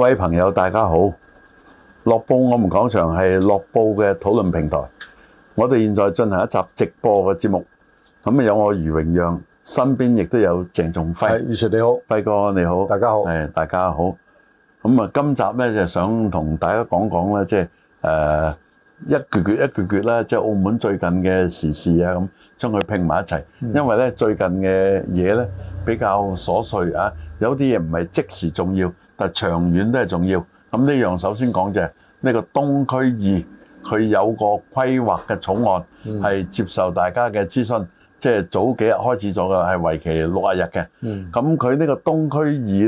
各位朋友，大家好！樂報我們講場係樂報嘅討論平台。我哋現在進行一集直播嘅節目，咁啊有我余榮讓，身邊亦都有鄭仲輝。係余 Sir 你好，輝哥你好，大家好，係大家好。咁啊，今集呢，就想同大家講講咧，即係誒，一橛橛一橛橛啦，即係澳門最近嘅時事啊，咁將佢拼埋一齊，嗯。因為呢最近嘅嘢呢比較瑣碎啊，有啲嘢唔係即時重要。就長遠都係重要。咁呢樣首先講，就係呢個東區二佢有個規劃嘅草案，係接受大家嘅諮詢。即係早幾日開始咗嘅，係為期六十日嘅。咁佢呢個東區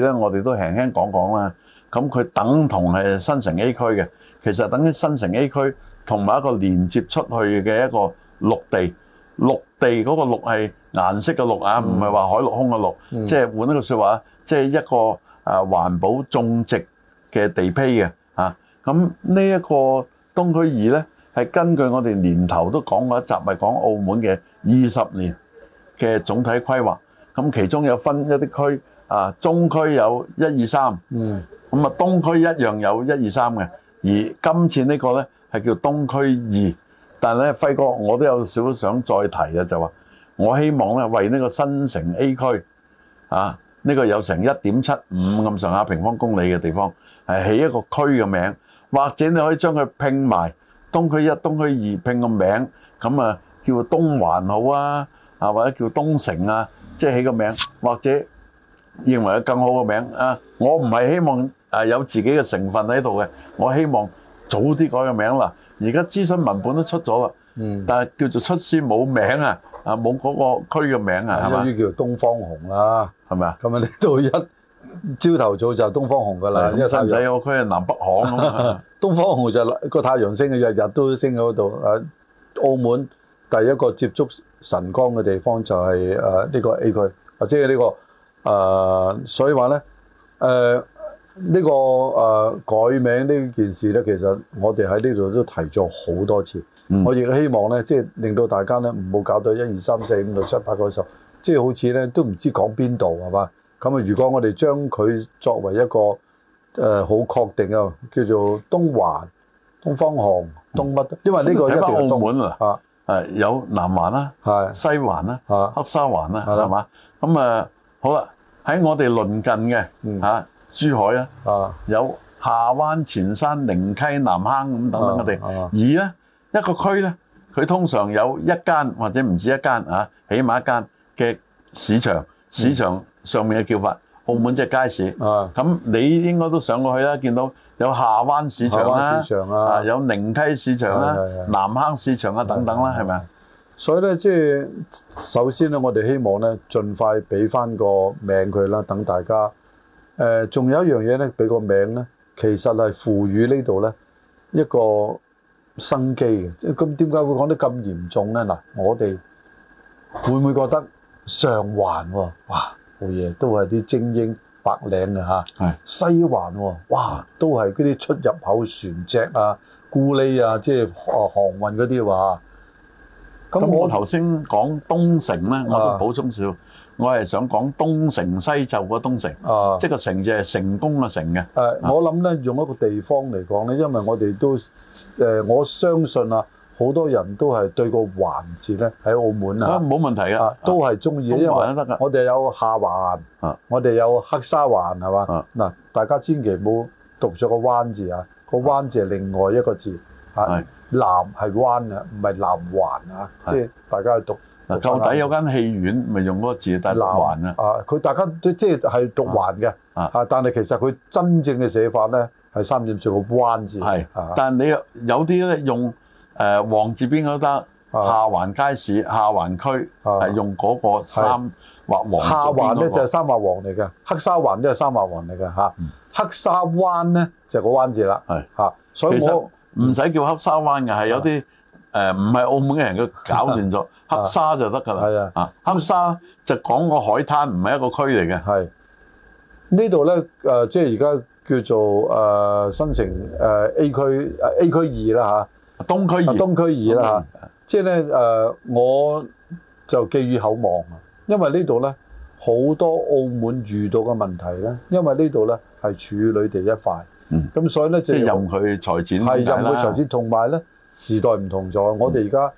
二呢，我哋都輕輕講講啦。咁佢等同係新城 A 區嘅，其實等於新城 A 區同埋一個連接出去嘅一個陸地。陸地嗰個陸係顏色嘅陸啊，唔係話海陸空嘅陸。即係換一個説話，即係一個。啊，環保種植嘅地皮嘅，啊，咁呢一個東區二咧，係根據我哋年頭都講過一集，係講澳門嘅二十年嘅總體規劃，咁其中有分一啲區，啊，中區有一二三，嗯，咁啊東區一樣有一二三嘅，而今次呢個咧係叫東區二，但係咧輝哥，我都有少少想再提嘅，就話我希望咧為呢個新城 A 區，啊。呢個有成一點七五咁上下平方公里嘅地方，係起一個區嘅名，或者你可以將佢拼埋東區一、東區二拼個名，咁啊叫東環好啊，啊或者叫東城啊，即係起個名，或者認為有更好嘅名啊。我唔係希望啊有自己嘅成分喺度嘅，我希望早啲改個名啦。而家諮詢文本都出咗啦，嗯，但係叫做出師冇名啊，啊冇嗰個區嘅名啊，係嘛？應該叫東方紅啊。係咪啊？咁啊，呢度一朝頭早就東方紅噶啦，因為新仔嗰區係南北行啊嘛。 東方紅就個、是、太陽升，日日都升喺嗰度。啊，澳門第一個接觸晨光嘅地方就係誒呢個 A 區，或者係呢個誒、啊，所以話咧誒呢、啊這個誒、啊、改名呢件事咧，其實我哋喺呢度都提咗好多次。嗯、我亦希望咧，即係令到大家咧唔好搞到一二三四五六七八九十。即係好似咧，都唔知講邊度係嘛？咁啊，如果我哋將佢作為一個誒、呃、好確定啊，叫做東環、東方行、東乜，因為呢個喺翻、嗯、澳門啊，誒、啊、有南環啦、啊，係、啊、西環啦、啊啊，黑沙環啦，係嘛？咁啊，好啦，喺我哋鄰近嘅嚇、啊嗯、珠海啊，啊，有下灣、前山、寧溪、南坑咁等等，我、啊、哋而咧、啊、一個區咧，佢通常有一間或者唔止一間啊，起碼一間。嘅市場市場上面嘅叫法，嗯、澳門即係街市，咁、嗯、你應該都上過去啦，見到有下灣市場，下灣市場啊啊、有寧溪市場、啊、是是是是南坑市場啊是是是等等啦、啊，係咪啊？所以咧，即係首先咧，我哋希望咧，盡快俾翻個名佢啦，等大家。誒、呃，仲有一樣嘢咧，俾個名咧，其實係賦予呢度咧一個生機嘅。咁點解會講得咁嚴重咧？嗱，我哋會唔會覺得？上環喎，哇，好嘢，都係啲精英、白領啊嚇。係。西環喎，哇，都係嗰啲出入口船隻啊、咕喱啊，即係啊航運嗰啲話。咁我頭先講東城咧，我都補充少，我係想講東城西就個東城，即係個城就係成功嘅城嘅。誒，我諗咧用一個地方嚟講咧，因為我哋都誒，我相信啊。好多人都係對個環字咧喺澳門啊，冇問題啊都係中意，因為我哋有下環，啊、我哋有黑沙環係嘛？嗱、啊，大家千祈唔好讀咗個彎字啊！個彎字係另外一個字啊，南係彎嘅，唔係南環啊，即、就、係、是、大家去讀。嗱、啊，舊底有間戲院咪、啊、用嗰個字，但係南環啊，啊，佢大家都即係係讀環嘅啊，啊，啊，但係其實佢真正嘅寫法咧係三點水個彎字、啊，但係你有啲咧用。誒黃字邊嗰得下環街市，係下環區係用嗰個三或黃，那個，下環咧就係三華黃嚟嘅，黑沙環都係三華黃嚟嘅嚇。黑沙灣咧，嗯、就係個灣字啦嚇，所以我唔使叫黑沙灣嘅，係有啲誒唔係澳門嘅人嘅搞亂咗，黑沙就得㗎啦。係啊，啊，黑沙就講個海灘，唔係一個區嚟嘅。係、嗯、呢度咧誒，即係而家叫做誒新城誒 A 區誒 A 區二啦嚇。啊東區二，東區二啦即係咧誒，我就寄予厚望啊，因為這裡呢度咧好多澳門遇到嘅問題咧，因為這裡呢度咧係處女地一塊，嗯，咁所以咧即係任佢財產，係任佢財產，同埋咧時代唔同咗，我哋而家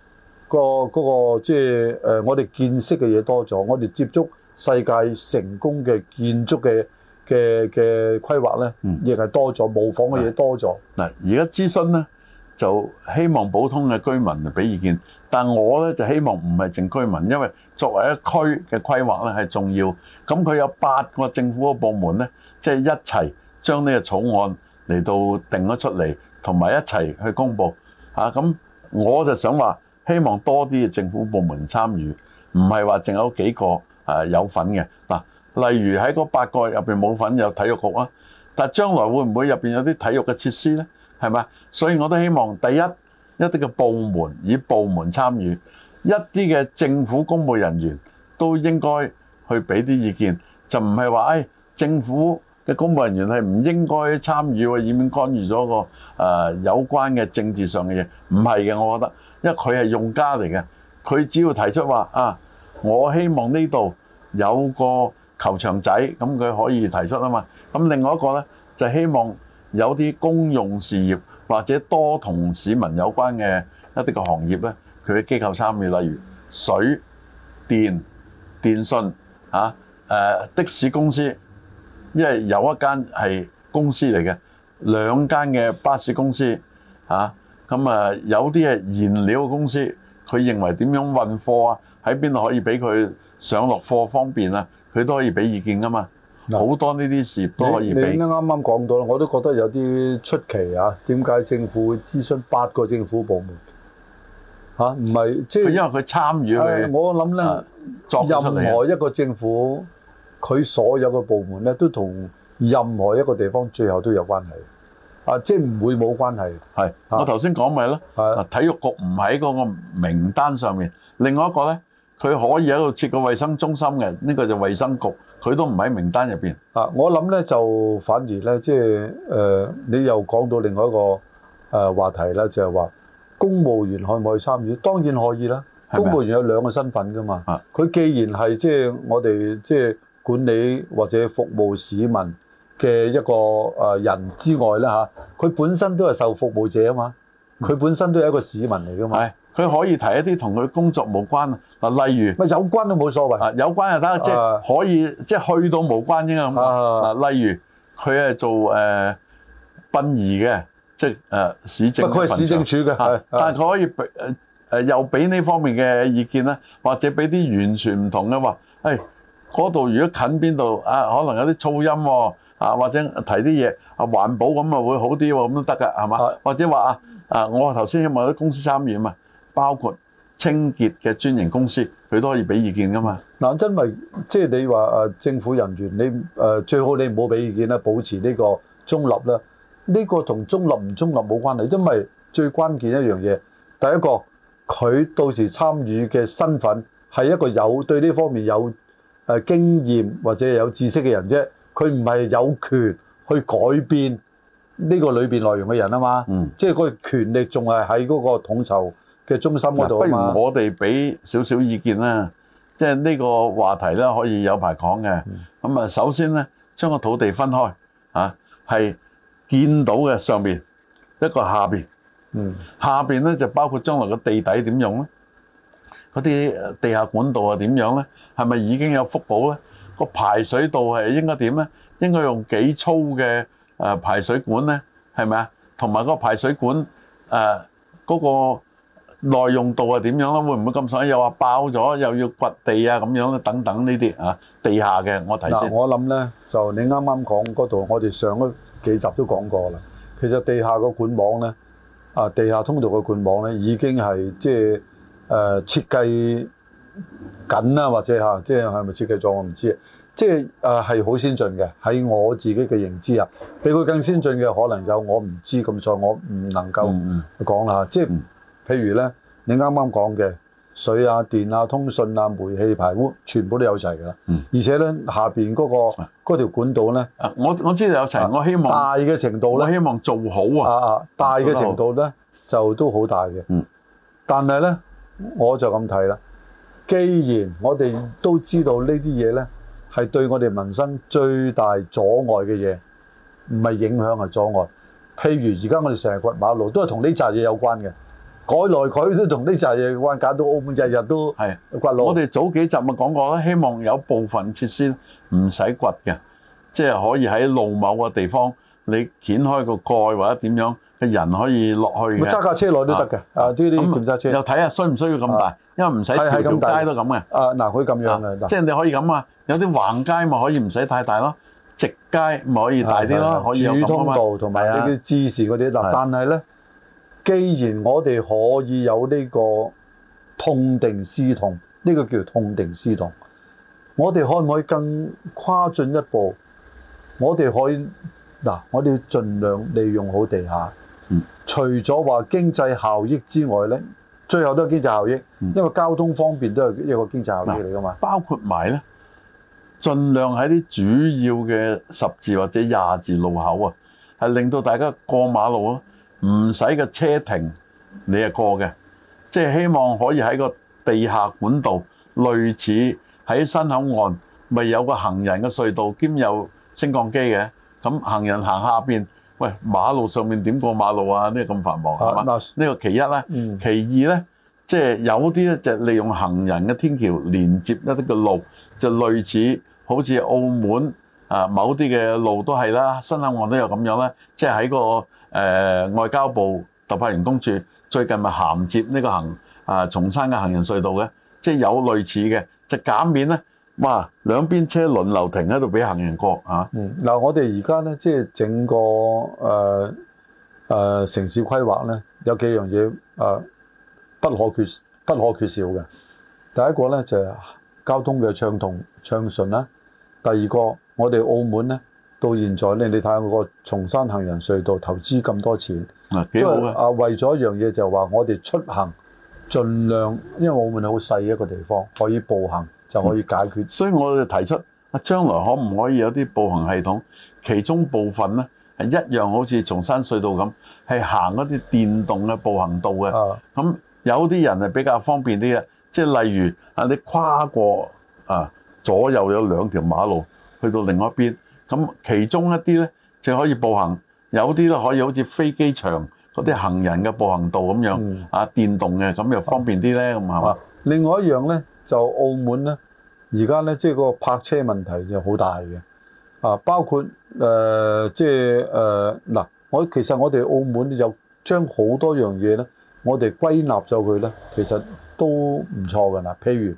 個嗰、嗰個即係誒，我哋見識嘅嘢多咗、嗯，我哋接觸世界成功嘅建築嘅嘅嘅規劃咧，亦係多咗，模仿嘅嘢多咗。嗱、嗯，而家諮詢咧。就希望普通嘅居民俾意見，但我咧就希望唔係淨居民，因為作為一區嘅規劃咧係重要。咁佢有八個政府嘅部門咧，即係一齊將呢個草案嚟到定咗出嚟，同埋一齊去公佈。啊，咁我就想話，希望多啲政府部門參與，唔係話淨有幾個啊有份嘅嗱。例如喺嗰八個入面冇份有體育局啊，但將來會唔會入面有啲體育嘅設施咧？係嘛？所以我都希望第一一啲嘅部門以部門參與，一啲嘅政府公務人員都應該去俾啲意見，就唔係話誒政府嘅公務人員係唔應該參與，以免干預咗個誒有關嘅政治上嘅嘢。唔係嘅，我覺得，因為佢係用家嚟嘅，佢只要提出話啊，我希望呢度有個球場仔，咁佢可以提出啊嘛。咁另外一個呢就希望。有啲公用事業或者多同市民有關嘅一啲個行業咧，佢嘅機構參與，例如水電電信嚇，誒、啊啊、的士公司，因為有一間係公司嚟嘅，兩間嘅巴士公司嚇，咁啊有啲係燃料公司，佢認為點樣運貨啊，喺邊度可以俾佢上落貨方便啊，佢都可以俾意見噶嘛。好多呢啲事都可以俾你。啱啱講到啦，我都覺得有啲出奇啊！點解政府會諮詢八個政府部門？嚇，唔係即係因為佢參與我諗咧、啊，作任何一個政府，佢所有嘅部門咧，都同任何一個地方最後都有關係。啊，即係唔會冇關係。係，我頭先講咪咯。係啊，體育局唔喺嗰個名單上面。另外一個咧，佢可以喺度設個衛生中心嘅，呢、呢個就衛生局。佢都唔喺名單入邊啊！我諗呢就反而呢，即係誒，你又講到另外一個誒、呃、話題啦，就係、是、話公務員可唔可以參與？當然可以啦。公務員有兩個身份㗎嘛。佢、啊、既然係即係我哋即係管理或者服務市民嘅一個誒人之外呢，嚇、啊，佢本身都係受服務者啊嘛。佢、嗯、本身都係一個市民嚟㗎嘛。佢可以提一啲同佢工作冇關，關，關，啊，啊，無關啊，啊，例如咪有關都冇所謂啊，有關就得，即係可以即係去到冇關應該咁啊。例如佢係做誒殯儀嘅，即係誒市政，佢係市政署嘅，但係佢可以俾誒又俾呢方面嘅意見啦，或者俾啲完全唔同嘅話，誒嗰度如果近邊度啊，可能有啲噪音喎啊，或者提啲嘢啊環保咁啊會好啲喎，咁都得㗎係嘛？或者話啊啊，我頭先因為啲公司參與嘛。包括清潔嘅專營公司，佢都可以俾意見噶嘛？嗱，因為即係你話誒政府人員，你誒、呃、最好你唔好俾意見啦，保持呢個中立啦。呢、呢個同中立唔中立冇關係，因為最關鍵嘅一樣嘢，第一個佢到時參與嘅身份係一個有對呢方面有誒經驗或者有知識嘅人啫，佢唔係有權去改變呢個裏邊內容嘅人啊嘛。嗯，即係嗰個權力仲係喺嗰個統籌嘅中心嗰度啊！不如我哋俾少少意見啦，即係呢個話題咧可以有排講嘅。咁啊，首先咧將個土地分開嚇，係見到嘅上邊一個下邊。嗯，下邊咧就包括將來個地底點用咧，嗰啲地下管道係點樣咧？係咪已經有福保咧？個排水道係應該點咧？應該用幾粗嘅誒排水管咧？係咪啊？同埋個排水管誒嗰個，耐用度啊點樣咧？會唔會咁衰？又話爆咗，又要掘地啊咁樣等等呢啲啊地下嘅，我睇先提、啊。我諗咧就你啱啱講嗰度，我哋上嗰幾集都講過啦。其實地下個管網咧啊，地下通道嘅管網咧已經係即係誒設計緊啦，或者嚇即係係咪設計咗我唔知。即係誒係好先進嘅，喺我自己嘅認知下，比佢更先進嘅可能有我唔知咁錯，所以我唔能夠講啦即係。嗯就是譬如咧，你啱啱講嘅水啊、電啊、通訊啊、煤氣排污，全部都有齊噶啦。嗯。而且咧，下面嗰、嗰個嗰條管道咧，啊，我我知道有齊。我希望大嘅程度咧，希望做好啊。啊大嘅程度咧，就都好大嘅。嗯。但係咧，我就咁睇啦。既然我哋都知道呢啲嘢咧，係對我哋民生最大阻礙嘅嘢，唔係影響係阻礙。譬如而家我哋成日掘馬路，都係同呢扎嘢有關嘅。改來改去都同啲雜嘢混，搞到澳門日日都係掘路。我哋早幾集咪講過，希望有部分設施唔使掘嘅，即係可以喺路某個地方你掀開個蓋或者點樣嘅人可以落去嘅。揸架車內都得嘅，啊啲啲檢查車又睇下需唔需要咁大，因為唔使條條街都咁嘅。啊嗱，佢咁樣即係、就是、你可以咁啊，有啲橫街咪可以唔使太大咯，直街咪可以大啲咯，可以有咁主通道同埋啊啲支線嗰啲但係咧。既然我哋可以有呢個痛定思痛，呢、呢個叫痛定思痛。我哋可唔可以更跨進一步？我哋可以嗱、啊，我哋要盡量利用好地下。除咗話經濟效益之外呢，最後都係經濟效益，因為交通方面都係一個經濟效益嚟噶嘛。包括埋呢盡量喺啲主要嘅十字或者廿字路口啊，係令到大家過馬路啊。唔使個車停，你係過嘅，即係希望可以喺個地下管道，類似喺新口岸咪有個行人嘅隧道，兼有升降機嘅。咁行人行下邊，喂馬路上面點過馬路啊？呢個咁繁忙係嘛？呢、uh, 呢個其一咧、嗯，其二咧，即係有啲咧就利用行人嘅天橋連接一啲嘅路，就類似好似澳門。啊，某啲嘅路都係啦，新口岸都有咁樣咧，即係喺、那個誒、呃、外交部特派員公署最近咪銜接呢個行啊，松山嘅行人隧道嘅，即係有類似嘅，就減免咧，哇，兩邊車輪流停喺度俾行人過啊。嗯，嗱，我哋而家咧，即係整個誒誒、呃呃、城市規劃咧，有幾樣嘢誒、呃、不可缺不可缺少嘅，第一個咧就係、是、交通嘅暢通暢順啦，第二個。我哋澳門咧，到現在咧，你睇下個松山行人隧道投資咁多錢，幾好啊，為咗一樣嘢就係話，我哋出行盡量，因為澳門係好細一個地方，可以步行就可以解決。嗯、所以我哋提出啊，將來可唔可以有啲步行系統？其中部分咧係一樣，好似松山隧道咁，係行嗰啲電動嘅步行道嘅。咁、嗯、有啲人係比較方便啲嘅，即、就、係、是、例如啊，你跨過啊左右有兩條馬路。去到另外一邊，咁其中一啲咧，即係可以步行；有啲都可以好似飛機場嗰啲行人嘅步行道咁樣、嗯、啊，電動嘅咁又方便啲咧，咁係嘛？另外一樣咧，就澳門咧，而家咧，即、就、係、係、個泊車問題就好大嘅啊，包括誒，即係誒嗱，我、就係呃、其實我哋澳門有將好多樣嘢咧，我哋歸納咗佢咧，其實都唔錯㗎嗱，譬如。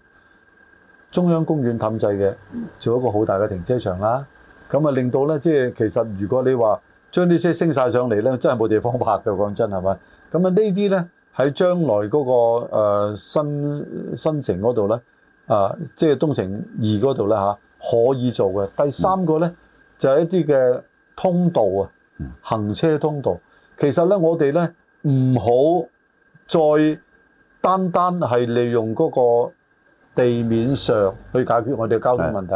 中央公園氹制嘅做一個好大嘅停車場啦，咁啊令到咧，即係其實如果你話將啲車升晒上嚟咧，真係冇地方泊嘅。講真係咪？咁啊呢啲咧，喺將來嗰個、呃、新新城嗰度咧，啊即係東城二嗰度咧嚇可以做嘅。第三個咧就係、係、一啲嘅通道啊、嗯，行車通道。其實咧我哋咧唔好再單單係利用嗰個。地面上去解決我哋嘅交通問題，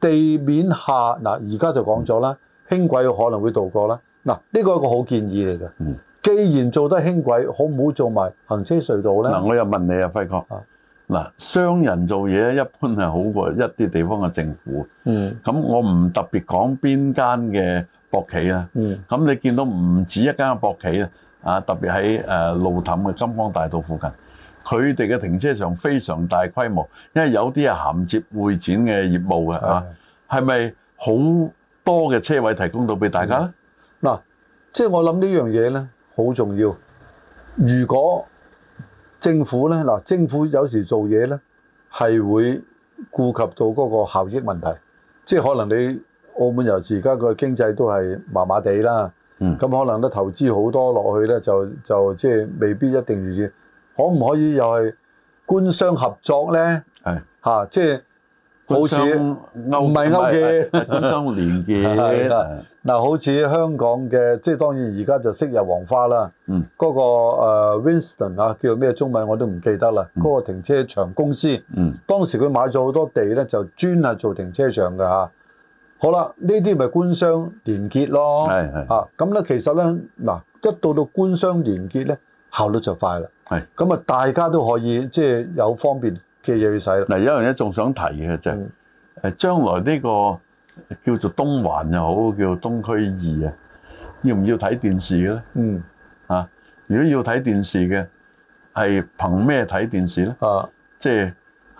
地面下嗱，而家就講咗啦，輕軌可能會渡過啦。嗱，呢個係一個好建議嚟嘅。嗯，既然做得輕軌，好唔好做埋行車隧道咧？嗱、嗯，我又問你啊，費國輝哥。嗱、嗯，商人做嘢咧，一般係好過一啲地方嘅政府。嗯。咁我唔特別講邊間嘅博企啦。嗯。咁你見到唔止一間嘅博企啦，啊，特別喺誒路氹嘅金光大道附近。佢哋嘅停車場非常大規模，因為有啲係銜接會展嘅業務嘅，係咪好多嘅車位提供到俾大家呢？嗱，即係我諗呢樣嘢咧，好重要。如果政府咧，嗱，政府有時做嘢咧，係會顧及到嗰個效益問題，即係可能你澳門由而家個經濟都係麻麻地啦，咁、嗯、可能都投資好多落去咧，就就即係未必一定要。可唔可以又係官商合作咧？係嚇，即、啊、係、就是、好似唔係勾嘅官商連結啦。嗱，好似香港嘅，即、就、係、是、當然而家就昔日黃花啦。嗯，嗰、那個誒、uh, Winston 啊，叫咩中文我都唔記得啦。嗰、嗯那個停車場公司，嗯，當時佢買咗好多地咧，就專係做停車場嘅嚇、嗯。好啦，呢啲咪官商連結咯。係係嚇，咁咧、啊、其實咧嗱、啊，一到到官商連結咧，效率就快啦。係咁啊！大家都可以即係、就是、有方便嘅嘢去使嗱，有一樣嘢仲想提嘅就係誒，將來呢個叫做東環又好，叫做東區二啊，要唔要睇電視嘅咧？嗯啊，如果要睇電視嘅，係憑咩睇電視咧？啊，即係。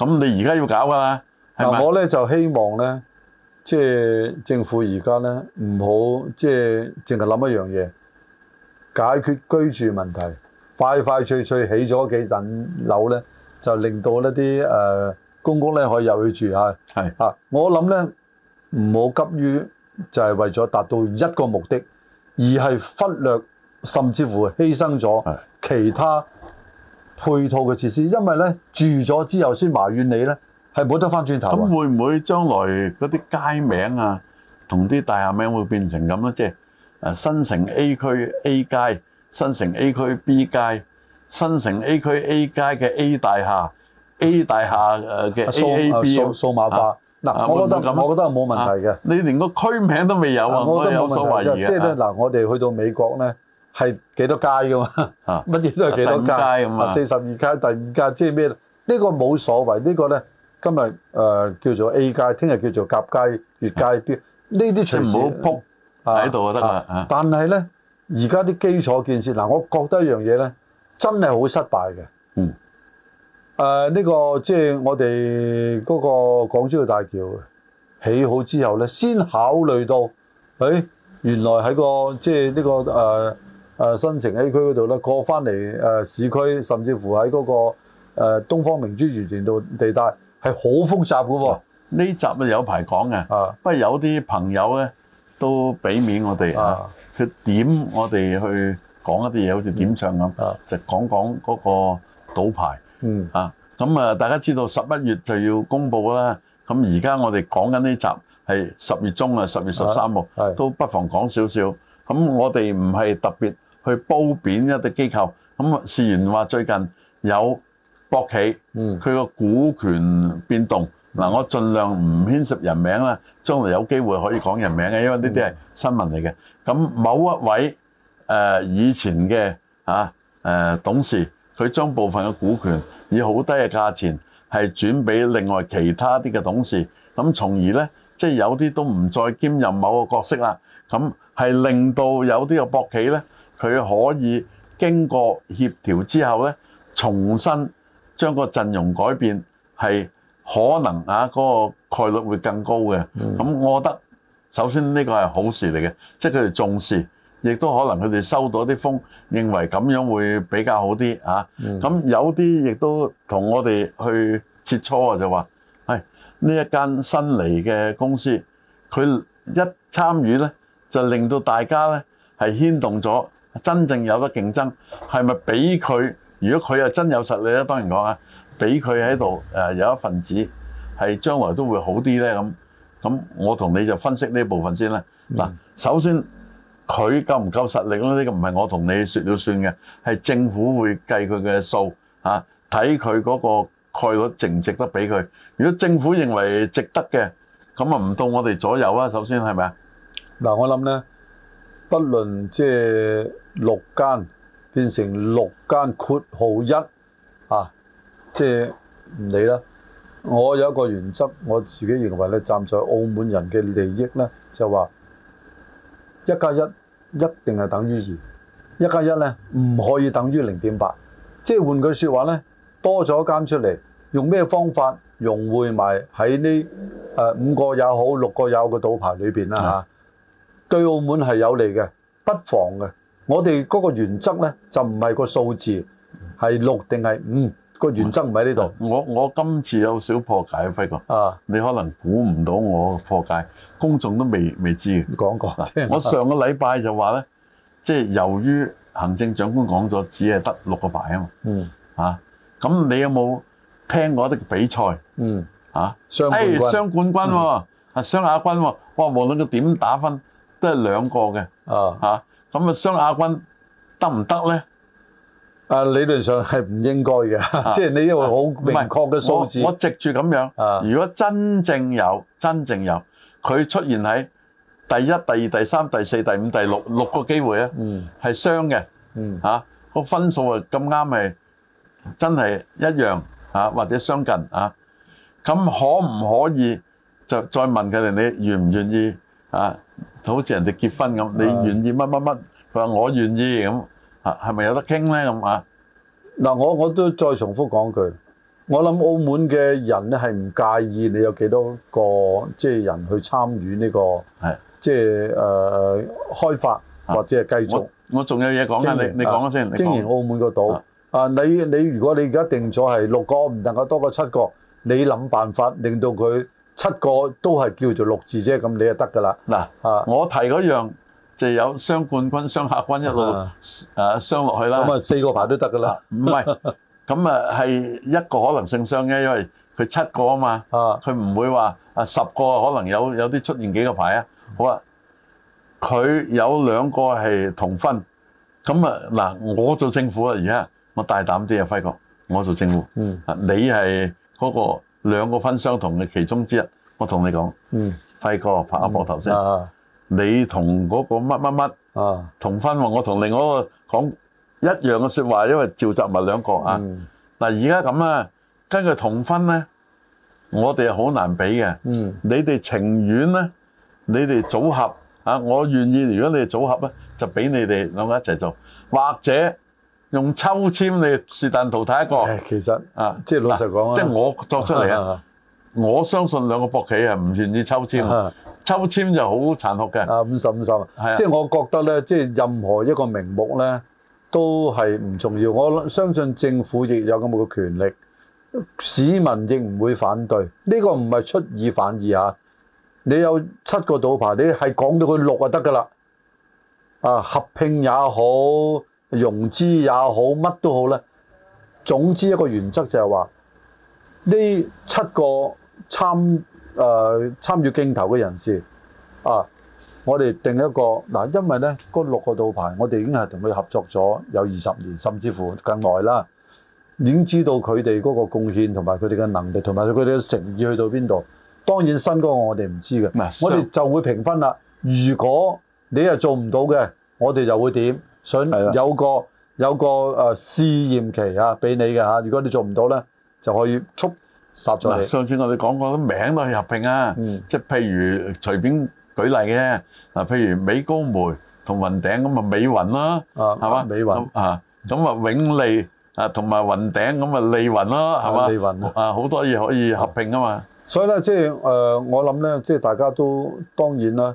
咁你而家要搞噶啦，嗱、啊、我咧就希望咧，即、就、係、是、政府而家咧唔好即係淨係諗一樣嘢，解決居住問題，快快脆脆起咗幾棟樓咧，就令到一啲誒、呃、公公咧可以入去住嚇。係啊，我諗咧唔好急於就係為咗達到一個目的，而係忽略甚至乎犧牲咗其他。配套嘅設施，因為咧住咗之後先埋怨你咧，係冇得翻轉頭、啊。咁會唔會將來嗰啲街名啊，同啲大廈名會變成咁咧？即係新城 A 區 A 街、新城 A 區 B 街、新城 A 區 A 街嘅 A 大廈、嗯、A 大廈嘅 AAB 啊，數,數,數碼化。嗱、啊，我覺得會會我覺得冇問題嘅、啊。你連個區名都未有啊，我都冇所謂啊。即係嗱，我哋去到美國咧。係幾多街噶嘛？乜嘢都係幾多街咁啊？四十二街、第五街，即係咩呢個，冇所謂，這個、呢個咧今日誒、呃、叫做 A 街，聽日叫做甲街、乙街，邊呢啲？全部唔撲喺度就得啦、啊啊。但係咧，而家啲基礎建設嗱，我覺得一樣嘢咧，真係好失敗嘅。嗯。誒、呃、呢、這個即係、就是、我哋嗰個港珠澳大橋起好之後咧，先考慮到誒、哎、原來喺個即係呢個誒。呃誒新城 A 區嗰度咧，過翻嚟誒市區，甚至乎喺嗰個東方明珠漁船道地帶係好複雜噶喎、啊。呢集咪有排講嘅，不過有啲朋友咧都俾面我哋佢點我哋去講一啲嘢，好似點唱咁，就講講嗰個賭牌。嗯啊，咁啊大家知道十一月就要公佈啦，咁而家我哋講緊呢集係十月中啊，十月十三號都不妨講少少。咁我哋唔係特別。去褒貶一啲機構咁，事緣話最近有博企，佢個股權變動嗱、嗯，我盡量唔牽涉人名啦。將來有機會可以講人名嘅，因為呢啲係新聞嚟嘅。咁某一位誒、呃、以前嘅啊誒、呃、董事，佢將部分嘅股權以好低嘅價錢係轉俾另外其他啲嘅董事，咁從而呢，即、就、係、是、有啲都唔再兼任某個角色啦。咁係令到有啲嘅博企呢。佢可以經過協調之後咧，重新將個陣容改變，係可能啊嗰、那個概率會更高嘅。咁、嗯、我覺得首先呢個係好事嚟嘅，即係佢哋重視，亦都可能佢哋收到啲風，認為咁樣會比較好啲啊。咁、嗯、有啲亦都同我哋去切磋就話，係呢一間新嚟嘅公司，佢一參與咧，就令到大家咧係牽動咗。真正有得競爭，係咪俾佢？如果佢又真有實力咧，當然講啊，俾佢喺度誒有一份子，係將來都會好啲咧咁。咁我同你就分析呢一部分先啦。嗱、嗯，首先佢夠唔夠實力嗰啲，唔係我同你說了算嘅，係政府會計佢嘅數啊，睇佢嗰個概率值唔值得俾佢。如果政府認為值得嘅，咁啊唔到我哋左右啊。首先係咪啊？嗱、嗯，我諗咧。不論，即係六間變成六間括號一啊，即係唔理啦。我有一個原則，我自己認為咧，站在澳門人嘅利益咧，就話一加一一定係等於二。一加一咧唔可以等於零點八。即係換句說話咧，多咗間出嚟，用咩方法融匯埋喺呢五個也好六個也好嘅賭牌裏面啦吓對澳門係有利嘅，不妨嘅。我哋嗰個原則咧就唔係個數字，係六定係五。個原則唔喺呢度。我我今次有少破解輝哥。啊，你可能估唔到我破解，公眾都未未知嘅。你講過，我上個禮拜就話咧，即、就、係、是、由於行政長官講咗，只係得六個牌啊嘛。嗯。啊，咁你有冇聽過啲比賽？嗯。啊，雙冠。誒，雙冠軍喎，哎、軍啊、嗯、雙亞軍喎、啊，哇！無論佢點打分。都係兩個嘅，啊嚇，咁啊雙亞軍得唔得咧？啊理論上係唔應該嘅，即係你因為好明確嘅數字。我我籍住咁樣，如果真正有真正有，佢出現喺第一、第二、第三、第四、第五、第六六個機會咧，嗯，係雙嘅，嗯嚇個分數啊咁啱係真係一樣嚇或者相近嚇，咁可唔可以就再問佢哋你願唔願意？啊，好似人哋結婚咁，你願意乜乜乜？佢話我願意咁，嚇係咪有得傾咧咁啊？嗱，我我都再重複講句，我諗澳門嘅人咧係唔介意你有幾多個即係人去參與呢個，即係誒開發或者係繼續。我我仲有嘢講啊，你你講咗先，經營澳門個島。啊，你你如果你而家定咗係六個，唔能夠多過七個，你諗辦法令到佢。七個都係叫做六字啫，咁你就得噶啦。嗱，啊，我提嗰樣就有雙冠軍、雙客軍一路啊雙落去啦。咁啊，四個牌都得噶啦。唔係，咁啊係一個可能性雙嘅，因為佢七個啊嘛。啊，佢唔會話啊十個可能有有啲出現幾個牌啊。好啊，佢有兩個係同分。咁啊嗱，我做政府啊而家，我大膽啲啊輝哥，我做政府。嗯。啊，你係嗰個。兩個分相同嘅其中之一，我同你講，輝、嗯、哥拍一膊頭先。你同嗰個乜乜乜同分，我同另外一個講一樣嘅說話，因為趙集物兩個、嗯、啊。嗱，而家咁啊，根據同分咧，我哋係好難俾嘅、嗯。你哋情願咧，你哋組合啊，我願意。如果你哋組合咧，就俾你哋兩個一齊做，或者。用抽籤，你是但淘汰一個。其實啊，即係老實講啊，即係我作出嚟啊，我相信兩個博企係唔願意抽籤啊。 抽籤就好殘酷嘅。啊，五十五十啊，即係我覺得呢，即係任何一個名目呢都係唔重要。我相信政府亦有咁嘅權力，市民亦唔會反對。呢個唔係出爾反爾啊。你有七個賭牌，你係講到佢六就得㗎啦。啊，合併也好。融資也好，乜都好咧。總之一個原則就係話，呢七個參誒參與競投嘅人士啊，我哋定一個嗱，因為咧嗰六個賭牌，我哋已經係同佢合作咗有二十年，甚至乎更耐啦，已經知道佢哋嗰個貢獻同埋佢哋嘅能力同埋佢哋嘅誠意去到邊度。當然新嗰個我哋唔知嘅，我哋就會評分啦。如果你係做唔到嘅，我哋就會點。想有個有個誒試驗期嚇俾你嘅嚇，如果你做唔到咧，就可以速殺咗你。上次我哋講過啲名都可以合併啊，即係譬如隨便舉例嘅嗱，譬如美高梅同雲頂咁啊，美雲啦，係嘛？美雲啊，咁啊永利啊，同埋雲頂咁啊利雲啦，係嘛？利雲啊，好多嘢可以合併啊嘛。所以咧，即係誒，我諗咧，即係大家都當然啦。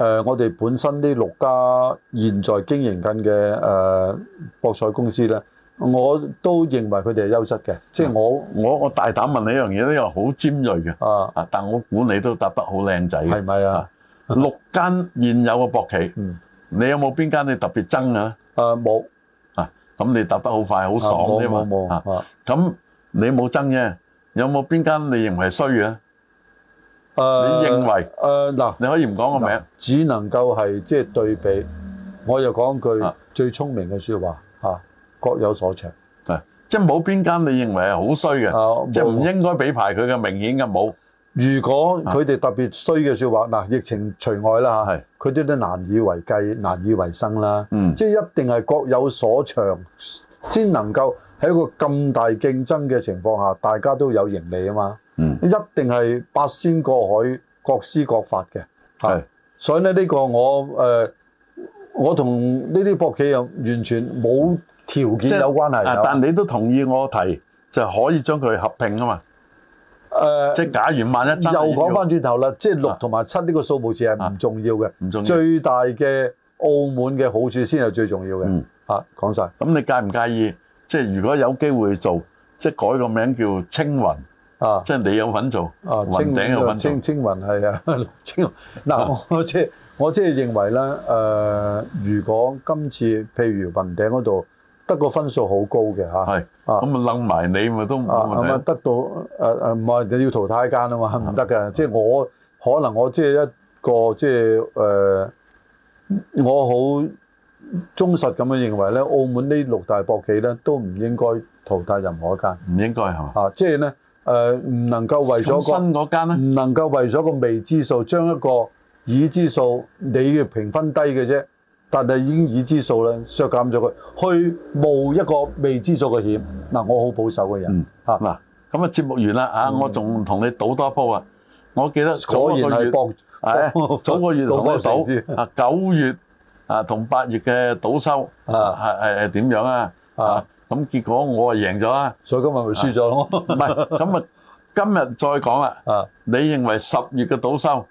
誒、呃，我哋本身呢六家現在經營緊嘅誒博彩公司咧，我都認為佢哋係優質嘅。即係我我我大膽問你一樣嘢呢又好尖鋭嘅。啊啊！但我估你都答得好靚仔嘅。係咪啊，啊，啊？六間現有嘅博企，嗯、你有冇邊間你特別爭啊？誒冇。啊，咁、啊、你答得好快，好爽添冇冇，咁你冇憎啫。有冇邊間你認為係衰嘅？誒，你認為誒嗱，你可以唔講個名，呃呃呃，只能夠係即係對比。我又講句，啊、最聰明嘅說話吓，各有所長，啊、即係冇邊間你認為係好衰嘅，即係唔應該俾牌佢嘅明顯嘅冇。如果佢哋特別衰嘅說話嗱，啊，疫情除外啦吓，佢啲都難以為繼、難以為生啦。嗯，即係一定係各有所長，先能夠喺一個咁大競爭嘅情況下，大家都有盈利啊嘛。一定係八仙過海，各施各法嘅，係。所以咧呢個我誒、呃，我同呢啲博企又完全冇條件有關係。但你都同意我提，就可以將佢合併啊嘛。誒、呃，即係假如萬一又講翻轉頭啦，即係六同埋七呢個數目字係唔重要嘅，唔、啊啊、重要嘅。最大嘅澳門嘅好處先係最重要嘅。嗯。啊，講晒。咁你介唔介意？即係如果有機會做，即係改個名叫青雲。啊！即係你有份做啊，雲頂有份做。青青雲係啊，青。嗱、 啊，我即、就、係、是、我即係認為咧，誒、呃，如果今次譬如雲頂嗰度得個分數好高嘅嚇，係、啊，咁咪擸埋你咪都冇問題、啊啊。得到誒誒，唔、啊、係你要淘汰一間啊嘛，唔得嘅。即係、就是、我可能我即係一個即係誒，我好忠實咁樣認為咧，澳門呢六大博企咧都唔應該淘汰任何一間。唔應該嚇。啊，即係咧。誒、呃、唔能夠為咗個唔能夠為咗個未知數，將一個已知數你嘅評分低嘅啫，但係已經已知數啦，削減咗佢去冒一個未知數嘅險。嗱、嗯啊，我好保守嘅人嚇嗱，咁、嗯、啊，節目完啦啊、嗯，我仲同你賭多一波啊！我記得早個月早個月同、哎我，啊、我賭啊九月啊同八月嘅賭收啊係係點樣啊啊！咁結果我啊贏咗啦，所以今日咪輸咗咯。唔係，咁啊今日再講啦。啊，你認為十月嘅賭收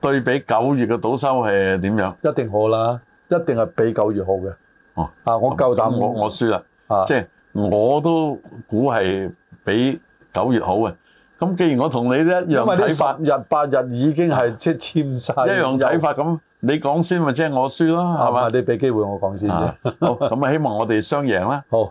對比九月嘅賭收係點樣？一定好啦，一定係比九月好嘅。哦，啊，我夠膽，我我輸啦。啊，即係我都估係比九月好嘅。咁既然我同你咧一樣睇法，因為啲十日八日已經係即係簽曬一樣睇法。咁你講先，咪即係我輸咯，係嘛？你俾機會我講先嘅。好，咁啊希望我哋雙贏啦。好。